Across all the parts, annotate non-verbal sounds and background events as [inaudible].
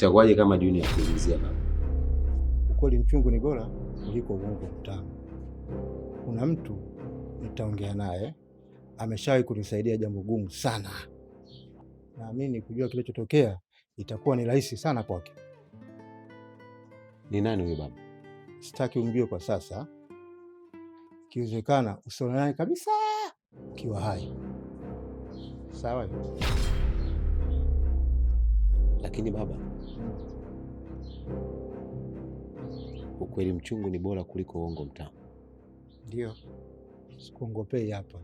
itakuwaje kama Junior akuzizia baba? Ukweli mchungu ni bora kuliko uongo mtamu. Kuna mtu nitaongea naye, ameshawahi kunisaidia jambo gumu sana. Naamini kujua kilichotokea itakuwa ni rahisi sana kwake. Ni nani huyo baba? Sitaki umjue kwa sasa, ikiwezekana usione naye kabisa ukiwa hai, sawa? Lakini baba Ukweli mchungu ni bora kuliko uongo mtamu. Ndio, sikuongopei hapa,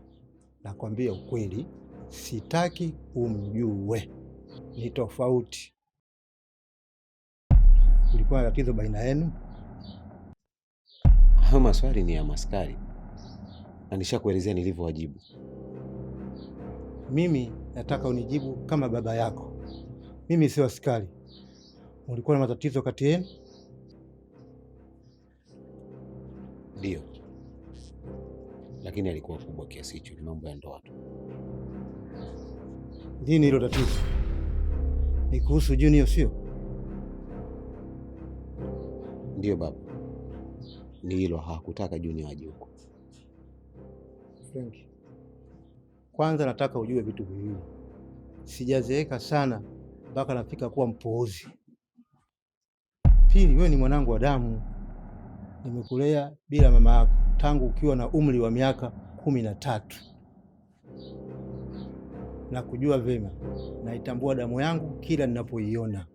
nakwambia ukweli. Sitaki umjue, ni tofauti. Kulikuwa na tatizo baina yenu? Hayo maswali ni ya maskari, na nishakuelezea nilivyowajibu. Mimi nataka unijibu kama baba yako. Mimi sio askari. Ulikuwa na matatizo kati yenu? Ndio, lakini alikuwa kubwa kiasi hicho, ni mambo ya ndoa tu. Lini hilo tatizo? Ni kuhusu Junior, sio? Ndio baba, ni hilo. Hawakutaka Junior aje huko. kwanza nataka ujue vitu viwili, sijazeeka sana mpaka nafika kuwa mpuuzi. Fikiri wewe ni mwanangu wa damu, nimekulea bila mama yako tangu ukiwa na umri wa miaka kumi na tatu na kujua vema naitambua damu yangu kila ninapoiona.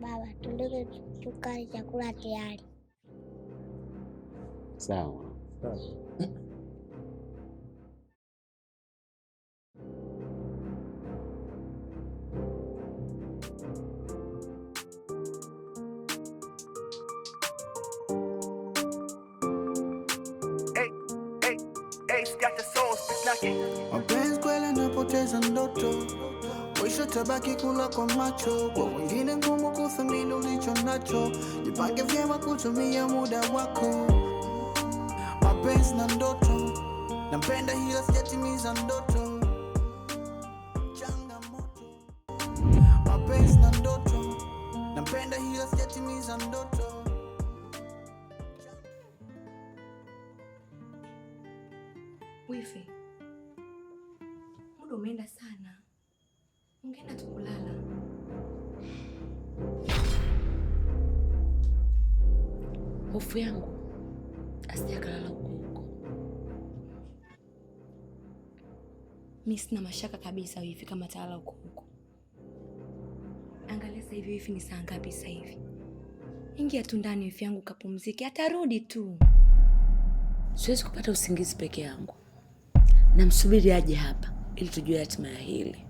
Baba, tuleke tukali chakula tayari. Sawa. Sawa. Mapenzi kweli napoteza ndoto, mwisho tabaki kula kwa macho, kwa wengine ngumu kuthamini ulicho nacho. Jipange vyema kutumia muda wako, mapenzi na ndoto, nampenda hila sijatimiza ndoto Wife, muda umeenda sana, ungeenda tu kulala Hofu yangu asije akalala huko huko. Mi sina mashaka kabisa Wifi kama talala huko huko. Angalia sasa hivi Wifi, ni saa ngapi sasa hivi? Ingia tu ndani Wife yangu, kapumzike, atarudi tu. Siwezi kupata usingizi peke yangu namsubiri aje hapa ili tujue hatima ya hili.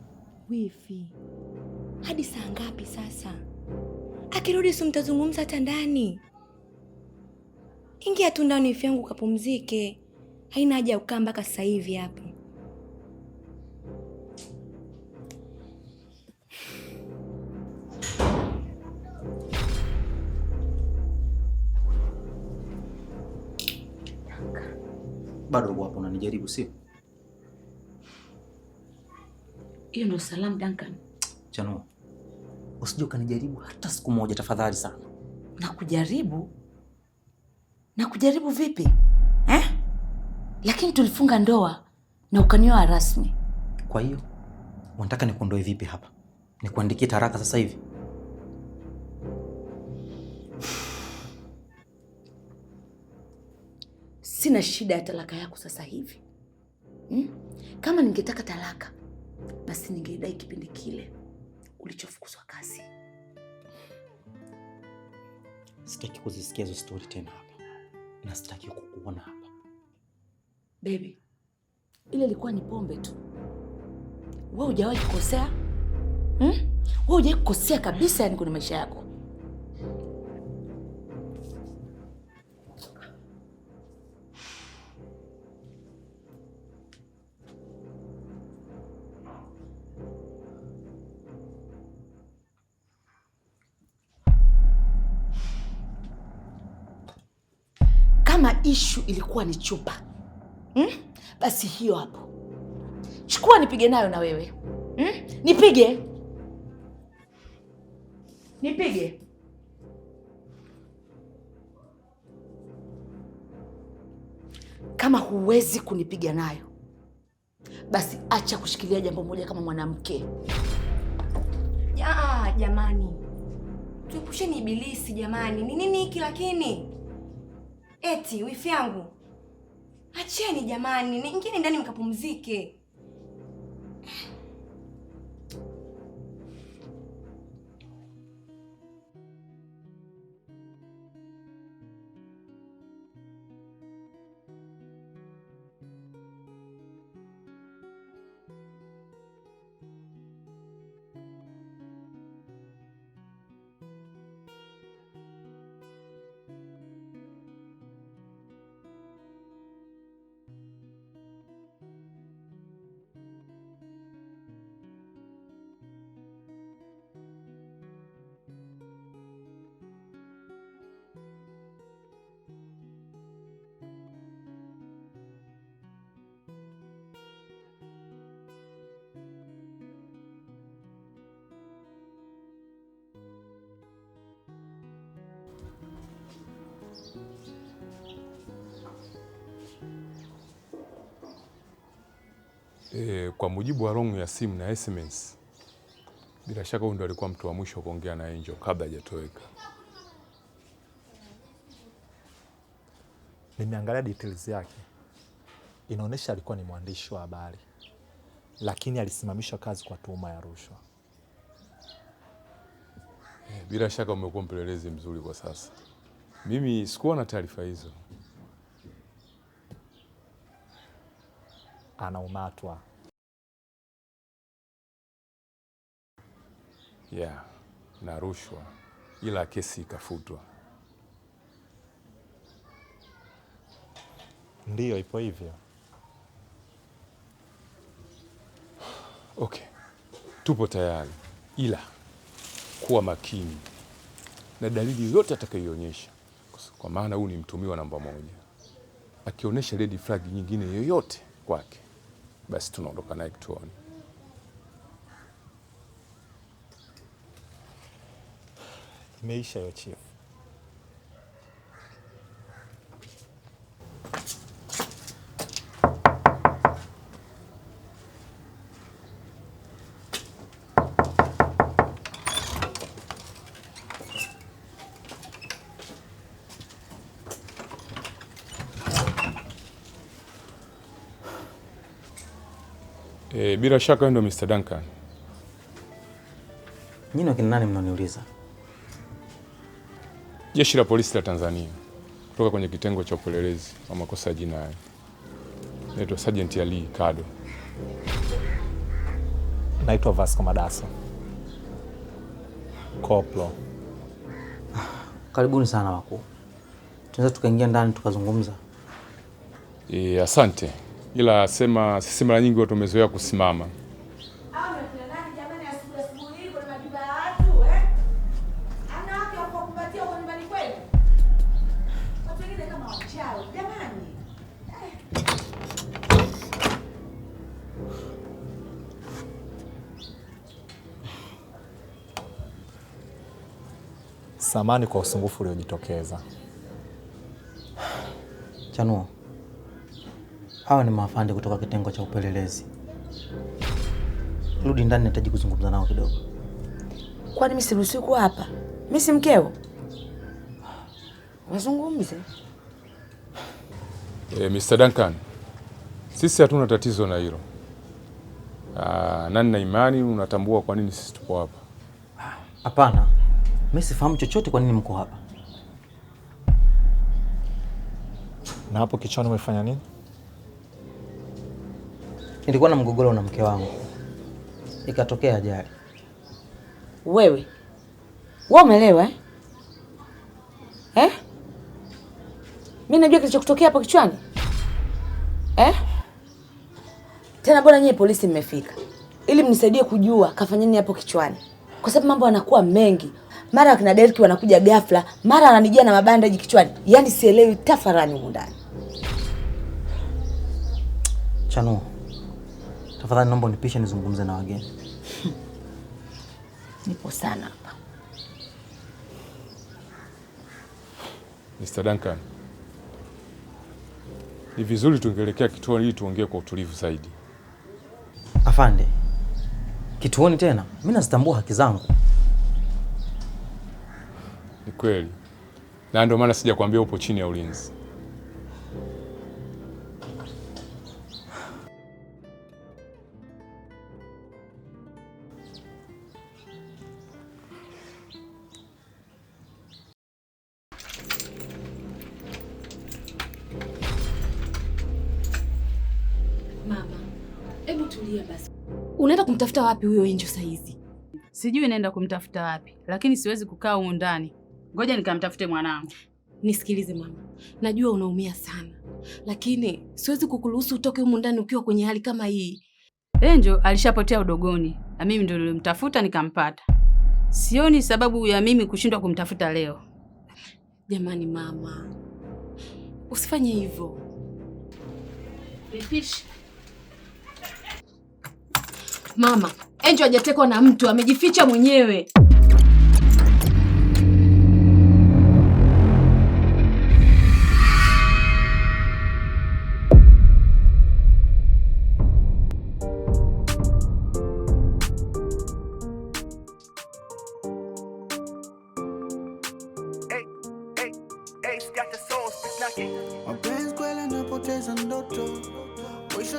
Wifi, hadi saa ngapi sasa? Akirudi si mtazungumza hata ndani. Ingia tu ndani wifi yangu kapumzike haina haja ya kukaa mpaka sasa hivi hapa. Bado hapo unanijaribu sio? Hiyo ndio salamu Duncan. Chano, usije ukanijaribu hata siku moja tafadhali sana. Na kujaribu na kujaribu vipi eh? Lakini tulifunga ndoa na ukanioa rasmi. Kwa hiyo unataka nikuondoe vipi hapa? Nikuandikie taraka sasa hivi? Sina shida ya talaka yako sasa hivi hmm? Kama ningetaka talaka basi ningeidai kipindi kile ulichofukuzwa kazi. Sitaki kuzisikia hizo stori tena hapa na sitaki kukuona hapa bebi. Ile ilikuwa ni pombe tu, we hujawahi kukosea hmm? we hujawahi kukosea kabisa, yani kwenye maisha yako ishu ilikuwa ni chupa hmm? Basi hiyo hapo, chukua nipige nayo na wewe hmm? Nipige nipige kama huwezi kunipiga nayo basi acha kushikilia jambo moja kama mwanamke. Ya, jamani tuepusheni ibilisi jamani, ni nini hiki lakini Eti wifi yangu, acheni jamani, niingieni ndani mkapumzike. e, kwa mujibu wa rongu ya simu na SMS, bila shaka huyu ndo alikuwa mtu wa mwisho kuongea na Angel kabla hajatoweka. Nimeangalia details yake, inaonyesha alikuwa ni mwandishi wa habari, lakini alisimamishwa kazi kwa tuhuma ya rushwa. Eh, bila shaka umekuwa mpelelezi mzuri kwa sasa. Mimi sikuwa na taarifa hizo. anaumatwa. Yeah, na rushwa, ila kesi ikafutwa. Ndiyo, ipo hivyo. Okay, tupo tayari, ila kuwa makini na dalili yote atakayoionyesha, kwa maana huyu ni mtumiwa namba moja. Akionyesha red flag nyingine yoyote kwake basi tunaondoka naye kituoni. Imeisha hiyo chief. E, bila shaka wewe ndio Mr. Duncan. Nyinyi wakina nani mnaniuliza? Jeshi la Polisi la Tanzania kutoka kwenye kitengo cha upelelezi wa makosa ya jinai. Naitwa Sergeant Ali Kado. Naitwa Vasco Madasa. Koplo. Ah, karibuni sana wakuu. Tunaweza tukaingia ndani tukazungumza? E, asante ila sema sisi mara nyingi tumezoea kusimama. Eh? Samani kwa usumbufu uliojitokeza Chanuo. Hawa ni maafande kutoka kitengo cha upelelezi. Rudi ndani, nahitaji kuzungumza nao kidogo. Kwani mimi siruhusiwi kuwa hapa? Mimi si mkeo? Wazungumze. Eh, Mr. Duncan, sisi hatuna tatizo na hilo. Ah, nani na imani, unatambua kwa nini sisi tupo hapa? Hapana, mimi sifahamu chochote kwa nini mko hapa. Na hapo kichwani umefanya nini? Nilikuwa na mgogoro na mke wangu, ikatokea ajali. Wewe wewe umeelewa eh? Eh? Mi najua kilichokutokea hapo kichwani eh? Tena bwana, nyie polisi mmefika ili mnisaidie kujua kafanya nini hapo kichwani, kwa sababu mambo yanakuwa mengi. Mara wakina Derki wanakuja ghafla, mara ananijia na mabandaji kichwani, yaani sielewi tafarani huko ndani. Chanuo Tafadhali naomba unipishe nizungumze na wageni. [laughs] Nipo sana hapa. Mr. Duncan, ni vizuri tungeelekea kituoni ili tuongee kwa utulivu zaidi. Afande, kituoni tena? Mimi nazitambua haki zangu. Ni kweli, na ndio maana sija kuambia upo chini ya ulinzi. Hebu tulia basi. Unaenda kumtafuta wapi huyo Enjo saa hizi? Sijui naenda kumtafuta wapi, lakini siwezi kukaa humu ndani. Ngoja nikamtafute mwanangu. Nisikilize mama, najua unaumia sana, lakini siwezi kukuruhusu utoke humu ndani ukiwa kwenye hali kama hii. Enjo eh, alishapotea udogoni na mimi ndio nilimtafuta nikampata. Sioni sababu ya mimi kushindwa kumtafuta leo. Jamani mama, usifanye hivyo. Vipishi Mama, Angel hajatekwa na mtu, amejificha mwenyewe.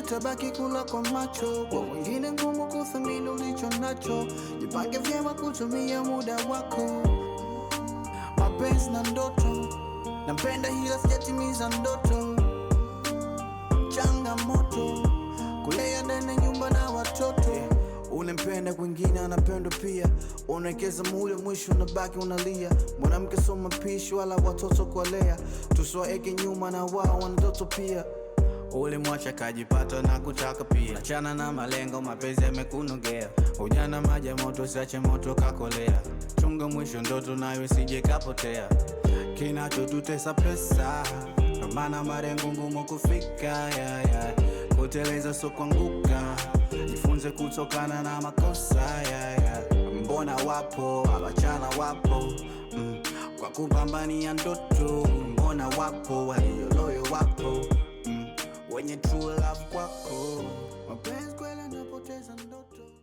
tabaki kula kwa macho, kwa wengine ngumu kuthamini ulicho nacho. Jipange vyema kutumia muda wako, mapenzi na ndoto. Nampenda hila sijatimiza ndoto, changamoto kulea ndani nyumba na watoto Unampenda kwingine anapendwa pia, unawekeza muda mwisho unabaki unalia. Mwanamke soma pishi wala watoto kuwalea, tusiwaeke nyuma na wao wana ndoto pia ulimwacha kajipata na kutaka pia. Achana na malengo, mapenzi yamekunogea. Ujana maji ya moto, siache moto kakolea. Chunga mwisho ndoto nayo sije kapotea. Kinachotutesa pesa, maana marengo ngumu kufika ya, ya. Kuteleza so kuanguka, jifunze kutokana na makosa ya, ya. Mbona wapo wachana wapo mm, kwa kupambania ndoto. Mbona wapo walioloyo wapo kwenye true love kwako, mapenzi kweli napoteza ndoto.